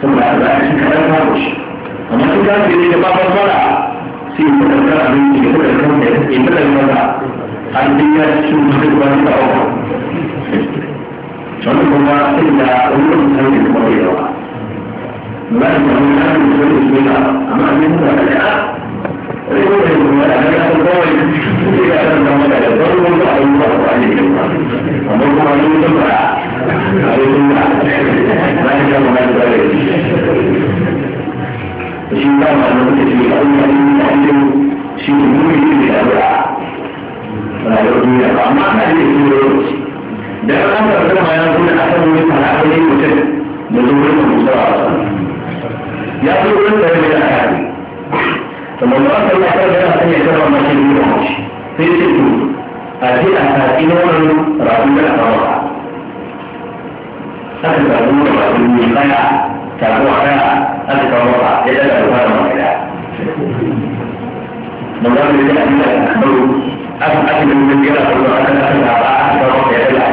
sun ba za a ci kaɗan babu shi amma sun ka ce da babar mara sai ya fitar kan abinci ya fitar kan da ya fitar mara an bin ya ci sun fitar ba da kawo wani kuma sai da wani mutane da kuma yawa ba su da kan da su ne na amma abin da ka da sai ko da kuma da ya san kawai sai ya san da mutane da wani da abubuwa ko an da amma kuma ne da ba shi ba ma ce a wani yanzu mun yi da yi da ya da da a wani mutum da da a wasu ya yi ba ta ta saka ga ruwa ba su ne kaya taguwa kaya aka kawo ba ya daga da fara ma gida da za mu yi da abin da baro aka aka da mun gina da ruwa aka aka da ba aka kawo ba ya daga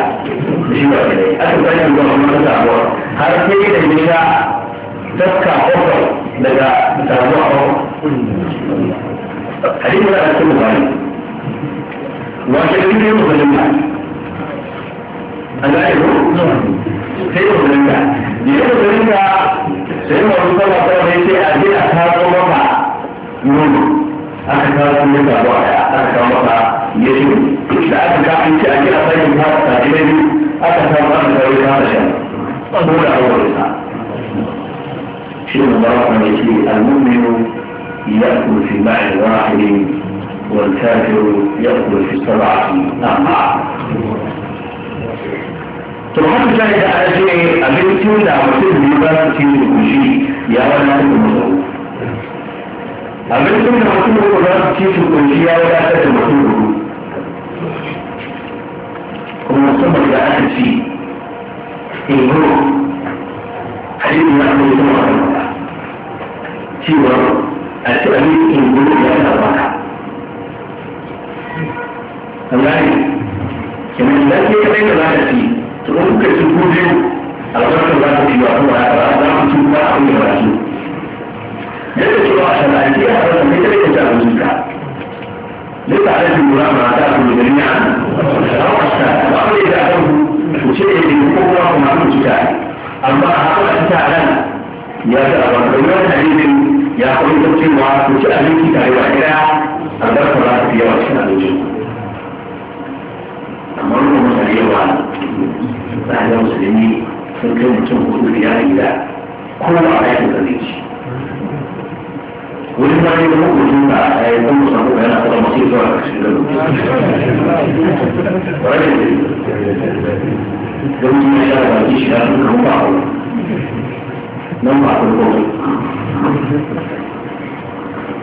shi ba ne aka kawo da ruwa mun da ruwa har sai da gida tafka ofar daga taguwa ofar hadisi da aka kuma bani wa shi ne mun da ruwa an ga ai ruwa sai mu rinka da yau mu rinka sai mu rinka ba ta mai sai a je a kawo maka nono aka kawo mun da ba ya aka kawo maka yesu da aka kawo an ce a je a sai ka ta ji ne aka kawo an da ya fara shan ko da aure sa shi ne ba ku ne shi al-mu'minu yaqulu fi ma'in wahidin والكافر يأكل في السبعة أمعاء to haka sai da a ce abincin da mutum ne ba su ci da kushi ya wadatar da mutum abincin da mutum ne ba su ci da kushi ya wadatar da mutum kuma musamman da aka ci ego hadisi ya abu da wadatar cewa a ci abincin ego ya wadatar da mutum ya yi kuma samu yana kuma masu a cikin ya ya a a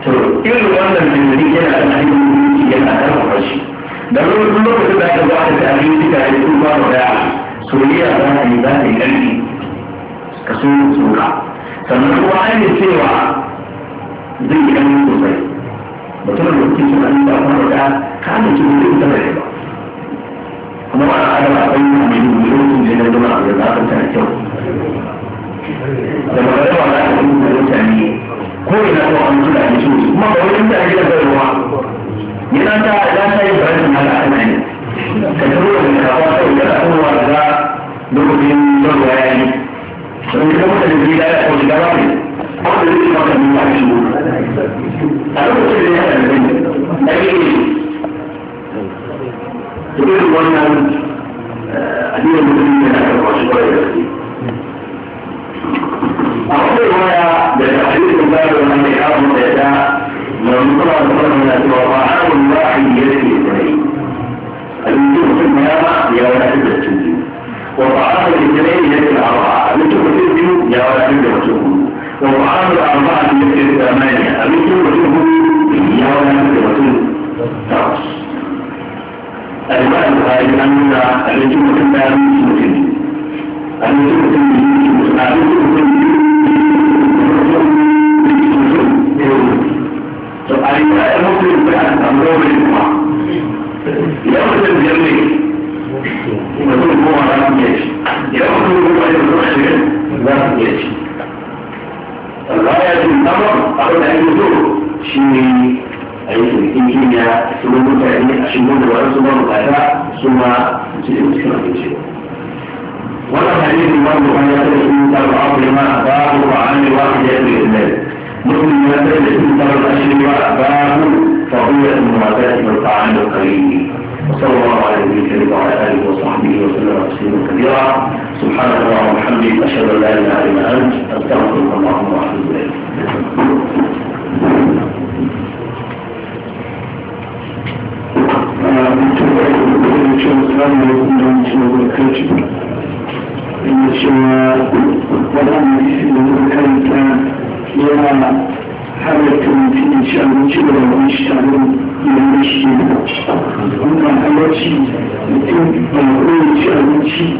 to da mahimmanci da lokacin da da ba soyayya yi cewa zai yi ƙarfi sosai mutum da yake suna da kuma da kana ki da ita ne ba kuma ba a da akwai mai mutum da ya zama da za ta ta kyau da ba da ba da kuma mutane ko ina ko an tura ne shi kuma ba wani da ake da ruwa yana ta ya sai ba da ana ne ka turo da ka sai da ruwa da lokacin da ruwa yayi sun kuma da gida ko da ba ne بعض الناس فقط من العشرين أعرف كل هذا البني لكن تقول وانا أدير المدينة وشوية أقول وانا بالتحديد من باب المنحة والإداء لو نطلع نطلع من الأسواق وعام الله يدي Allah ya ce, "Amma abin da ake so shi ne a yi cikin kimiyya su ne mutane a shigo da wani su ba bukata su ma cikin cikin abinci wannan hadisi ba mu kan ya tare shi ta ba abu ma ba mu ba an ne wa ku ya tare da mutum ya tare da shi ta ba shi ba ba mu fa huwa al-mu'adati wal ta'an al-qalili وصلى الله على نبينا وعلى اله وصحبه وسلم تسليما كثيرا سبحانك اللهم وبحمدك اشهد ان لا اله الا انت استغفرك اللهم واتوب اليك ina cewa waɗanda isi da muka karanta yana halatta mutum ya ci abinci da wani shi tare da shi ne. Wannan halarci mutum ba kawai ci abinci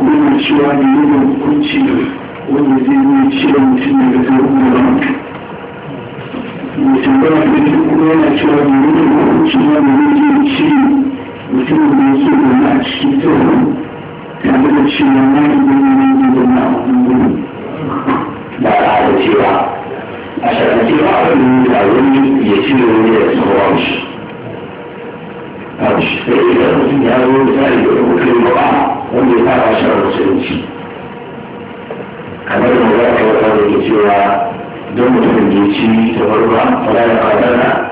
yana cewa da yana hukunci wanda zai yi cewa mutum daga zai umar mai tambaya da ke kuma yana cewa da yana hukunci wanda zai yi cewa mutum da yake gona a cikin tsoron tare da cewa na ci kamar yadda za ka yi kawai da cewa don mutumin da ya ci tabarwa fara da fadana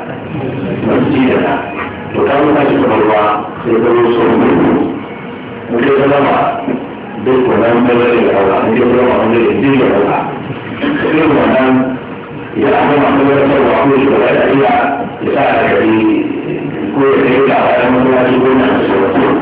to ta muka ci tabarwa sai ka yi so ne mu ke zama duk da aura an dai zama bangare da jirgin aura irin wannan ya amma bangare da an ya sa a gari ko ya kai da a ɗan ko na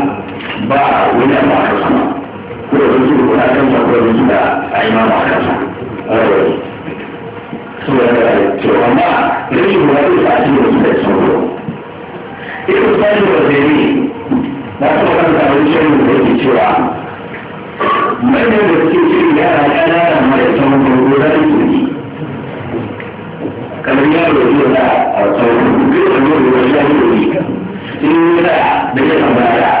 ba wani abu a kansa ko da wani zuwa kuna kansa ko da zuwa a imamu a kansa saboda da cewa amma rashin ruwa zai sa shi da su da sauro irin sani da zai na kuma kan samun shirin da yake cewa manyan da suke shirin yara ƙanana mara tsawon gobe za su yi kamar yaro da a tsawon gobe da zuwa da shi da yi da da ya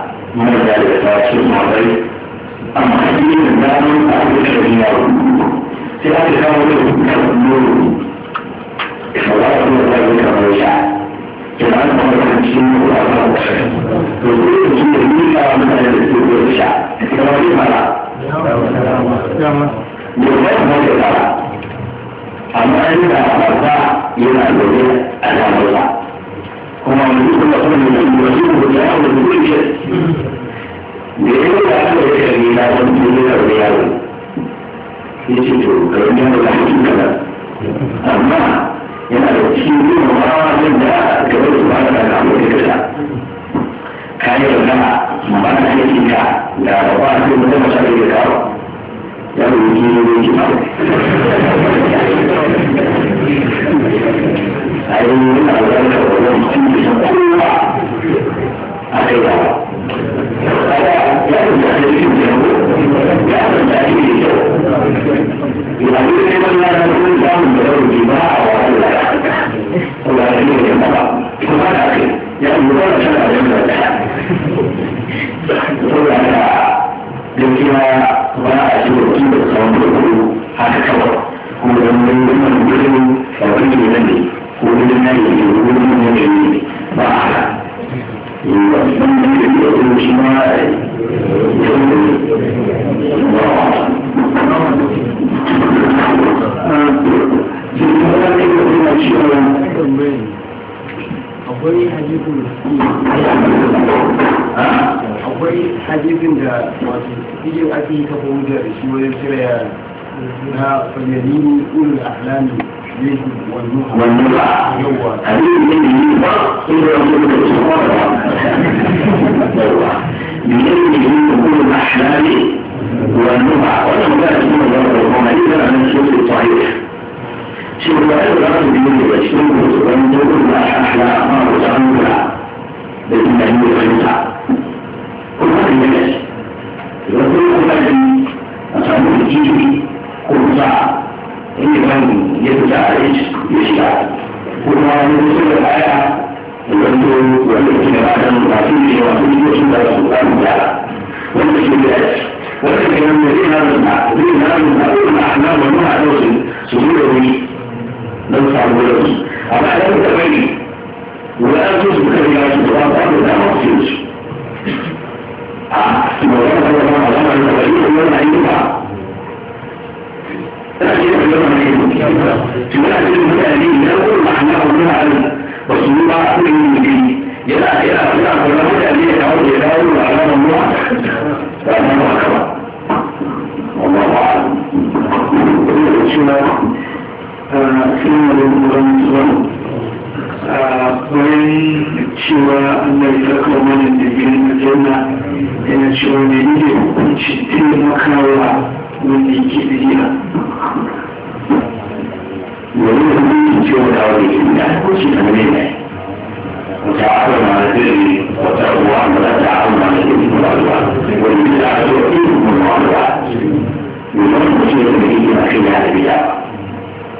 mara da ta ce mabai amma hadisin da mun a cikin shari'a sai aka kawo da hukumar nuru ba su yi zai kamar ya ina da makaranci ko a kan kashe to zai yi da nuna mutane da su ko sha ina wani mara domin mota ba amma yana ba yana domin alamarsa kuma wani kuma kuma ne da wani kuma ya hau da ya san cikin rauni yaro ya ce to garin yaro da hakin kaza amma yana da cikin yin mawazin da gaba da ba da alamu da kaza kayan da ba na yake cika da ba ba sai mutum da shi da kawo yaro ya ji ne ki ba ai ina da wannan cikin kowa a kai da ya ìyàwó ilé wọn lára ló ń dáhùn lọ́rùn والنوع هذه من النوع إذا أقول لك من علمه الأحلام والنوع ولم لا تكون له العملية شوف الرأي الأرض بيقول لك شنو وأن تقول الأحلام ما هو تعملها لكن لا يمكن أن يقع كل هذا liman ya fita a ya shiga kuma wani su da baya wanda wanda ke da bayan masu ne masu yi su da su ba su da wanda ke da wanda ke da zai na zai na zai zai na na من إجيبها ومن يجون أولي إلا كل شيء منها وتعاون على البر والتقوى ولا تعاون على الإثم والعدوان والبدعة والإثم والعدوان ومن يجون به ما خلال البدعة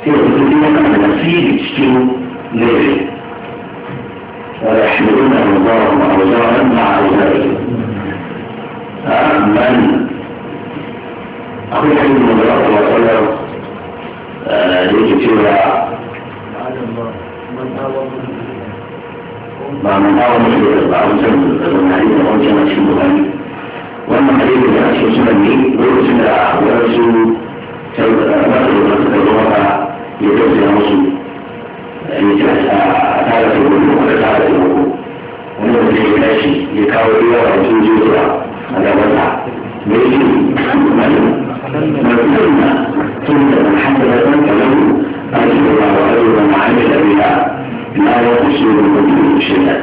في وجودنا أن نسيب تشتم ليه ويحملون أوزارهم أوزارا مع أوزارهم من akwai kan yi da kuma kwallon da yake cewa ba mun dawo da ba a mutum da zama yi da wancan a cikin bukari wannan hadisi da ake sunan ne lokacin da wasu tabbata da wasu da ruwa ya tausaya musu a tara da wani kuma da tara da wani wanda mutum ya tashi ya kawo ruwa a cikin jiya a gabansa me ثم حتى تنتهي رضي الله ايضا عمل بها لا يقصد منه شيئا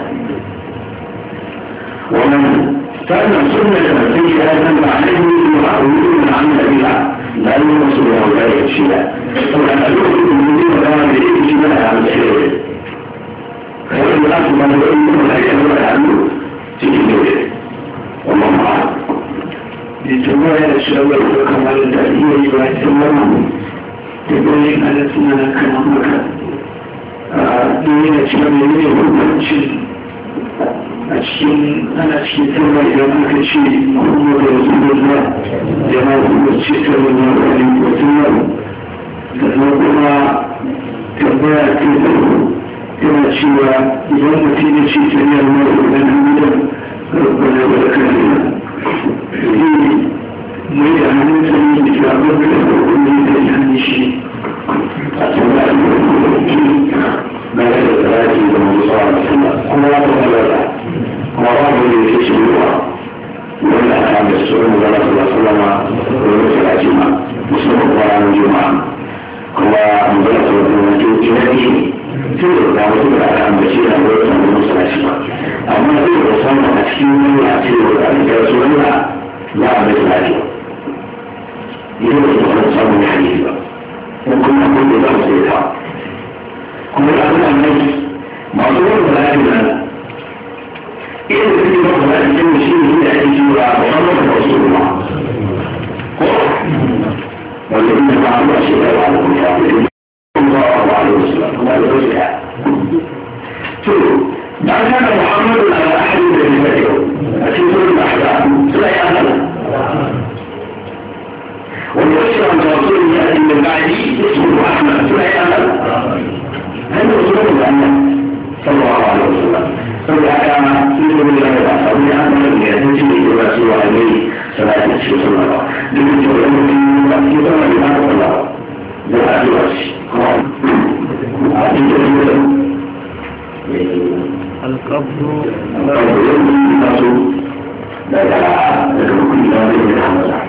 ومن كان سنة النبي آدم عليه يعود عمل بها لا يقصد له ذلك شيئا ولا يقصد منه ذلك شيئا عن خيره خير الأفضل أن يكون هيئا ولا يعود في shawar ko kamar da iya yi ba cikin wannan da bayan ana suna nan kamar maka a duniya da cewa mai ne hukunci a cikin ana cikin tsirma idan aka ce kuma da wasu gudunma da ma kuma ce ta wani wani wasu yau sannan kuma tambaya ta yana cewa idan mutum ya ce ta yi almar da ɗan gidan rukunan da aka yi mai da hankali da shafi da kuma da yanzu shi a tsoron da na yadda da zaki da musa da suna kuma ya kuma kuma ba da yake shi ruwa wanda aka da tsoron da zara da salama da wani da jima musamman kuma ranar juma'a kuma mu zara da wani da jima tun da ba wasu da aka ambaci da wani da musa shi ba amma zai da samun a cikin wani a cikin da ya zo wani ba a mai da lafiya يجب ان يكون من حديث ممكن اقول له بعض الاسعار كل اقول عن نفسي معصوم ولا اجمل ايه اللي في بعض هذا الجن شيء من هذه محمد رسول الله والذين فعلوا اشياء وعلوا بها الله عليه وسلم قال رجع شوفوا ما كان محمد على احد من الفجر في سوره الاحزاب لا يعلم والمشهر عن رسول يأتي من بعدي اسمه أحمد سمعت أحمد؟ هل رسول الله صلى الله عليه وسلم فلهذا يقول الله تعالى أن الذي يجب أن يسوع عليه صلاة الشيخ صلى الله عليه وسلم صلى الله عليه وسلم هذا الله لا أدرس القبض القبض لا لا لا لا لا لا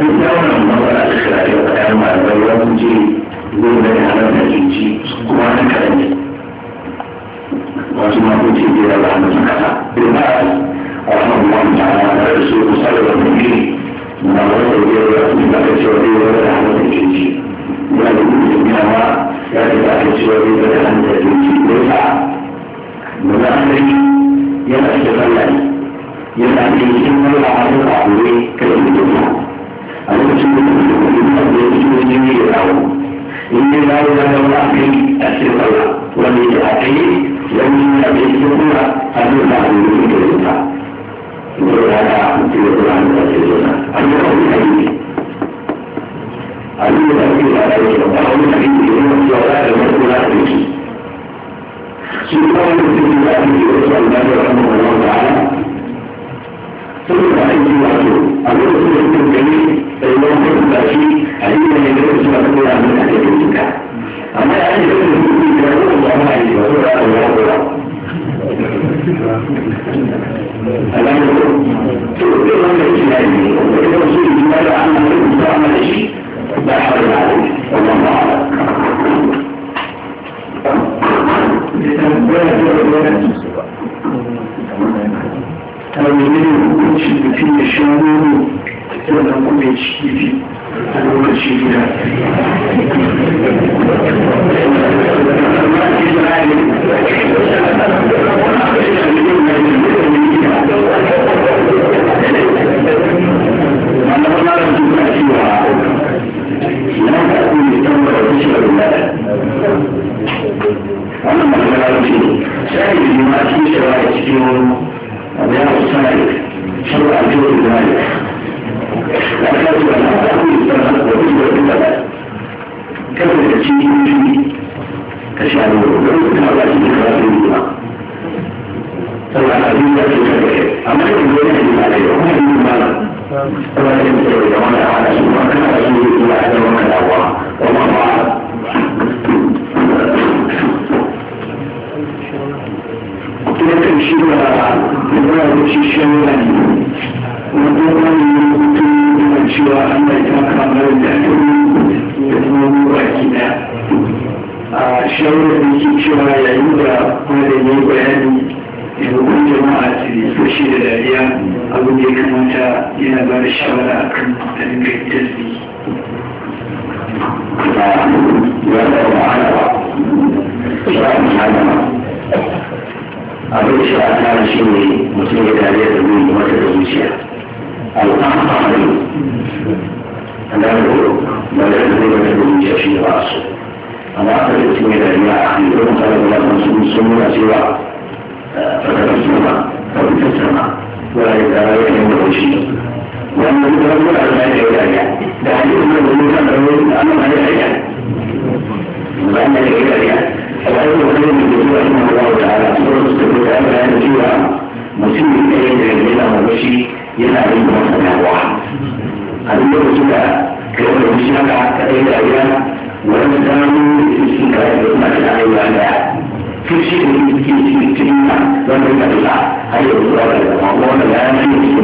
duk da wannan magana da shirayen kayan malamai wani ce zai bai halar da kuma an kaɗan الشيخ الألباني رحمه da loro ma le loro comincia a scivolarsi a parte le sue regole di fronte alla consumazione la sua per la sua per la sua ma quella che era la mia vicina quando mi trovo la mia regola da lì non mi trovo la mia regola non mi trovo la mia regola la mia regola la mia regola la mia regola la mia regola la mia regola la mia regola la mia regola la mia regola la mia regola yana yin wata damuwa a duk lokacin da ka yi wani shi haka ka ɗaya da rayuwa wani da zama mun yi da kuma da rayuwa da duk shi da yake cikin cikin wanda ya da a yau zuwa da zama wanda ya yi